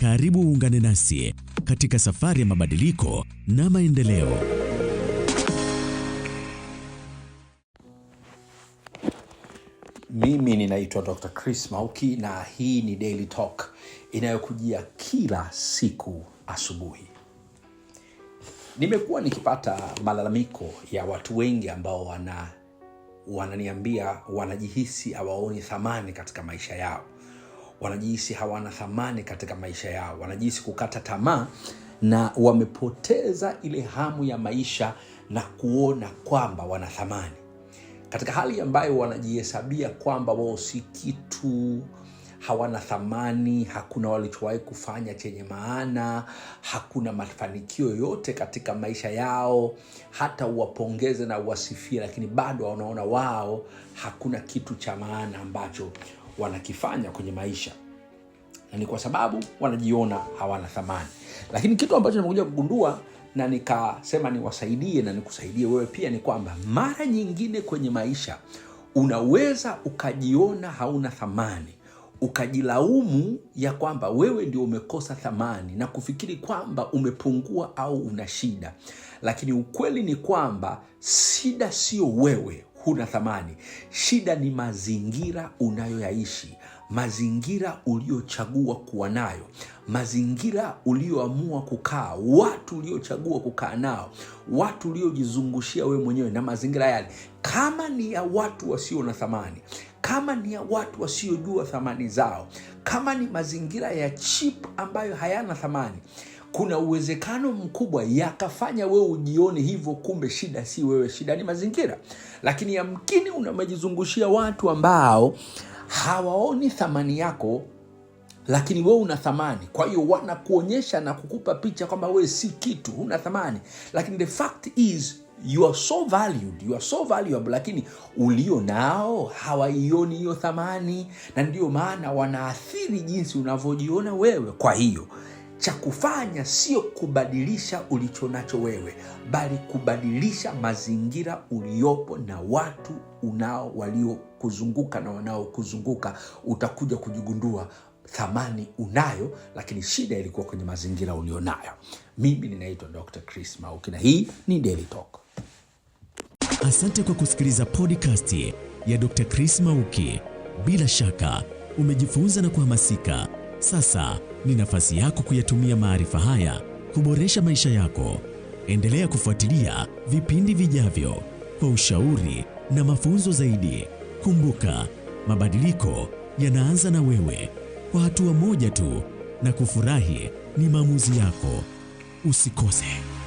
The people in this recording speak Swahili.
Karibu uungane nasi katika safari ya mabadiliko na maendeleo. Mimi ninaitwa Dr. Chris Mauki na hii ni Daily Talk inayokujia kila siku asubuhi. Nimekuwa nikipata malalamiko ya watu wengi ambao wana wananiambia wanajihisi hawaoni thamani katika maisha yao wanajihisi hawana thamani katika maisha yao, wanajihisi kukata tamaa na wamepoteza ile hamu ya maisha na kuona kwamba wana thamani, katika hali ambayo wanajihesabia kwamba wao si kitu, hawana thamani, hakuna walichowahi kufanya chenye maana, hakuna mafanikio yote katika maisha yao. Hata uwapongeze na uwasifie, lakini bado wanaona wao hakuna kitu cha maana ambacho wanakifanya kwenye maisha na ni kwa sababu wanajiona hawana thamani. Lakini kitu ambacho nimekuja kugundua na nikasema niwasaidie na nikusaidie wewe pia ni kwamba mara nyingine kwenye maisha unaweza ukajiona hauna thamani, ukajilaumu ya kwamba wewe ndio umekosa thamani na kufikiri kwamba umepungua au una shida, lakini ukweli ni kwamba shida sio wewe huna thamani. Shida ni mazingira unayoyaishi, mazingira uliochagua kuwa nayo, mazingira ulioamua kukaa, watu uliochagua kukaa nao, watu uliojizungushia wewe mwenyewe. Na mazingira yale kama ni ya watu wasio na thamani, kama ni ya watu wasiojua thamani zao, kama ni mazingira ya chip ambayo hayana thamani kuna uwezekano mkubwa yakafanya wewe ujione hivyo, kumbe shida si wewe, shida ni mazingira. Lakini yamkini unamejizungushia watu ambao hawaoni thamani yako, lakini wewe una thamani. Kwa hiyo wanakuonyesha na kukupa picha kwamba wewe si kitu, huna thamani, lakini the fact is you are so valued, you are so valuable, lakini ulio nao hawaioni hiyo thamani, na ndio maana wanaathiri jinsi unavyojiona wewe. Kwa hiyo cha kufanya sio kubadilisha ulicho nacho wewe, bali kubadilisha mazingira uliopo na watu unao waliokuzunguka na wanaokuzunguka. Utakuja kujigundua thamani unayo, lakini shida ilikuwa kwenye mazingira ulionayo. Mimi ninaitwa Dr. Chris Mauki na hii ni Daily Talk. Asante kwa kusikiliza podcast ya Dr. Chris Mauki. Bila shaka umejifunza na kuhamasika. Sasa ni nafasi yako kuyatumia maarifa haya kuboresha maisha yako. Endelea kufuatilia vipindi vijavyo kwa ushauri na mafunzo zaidi. Kumbuka, mabadiliko yanaanza na wewe, kwa hatua moja tu, na kufurahi ni maamuzi yako. Usikose.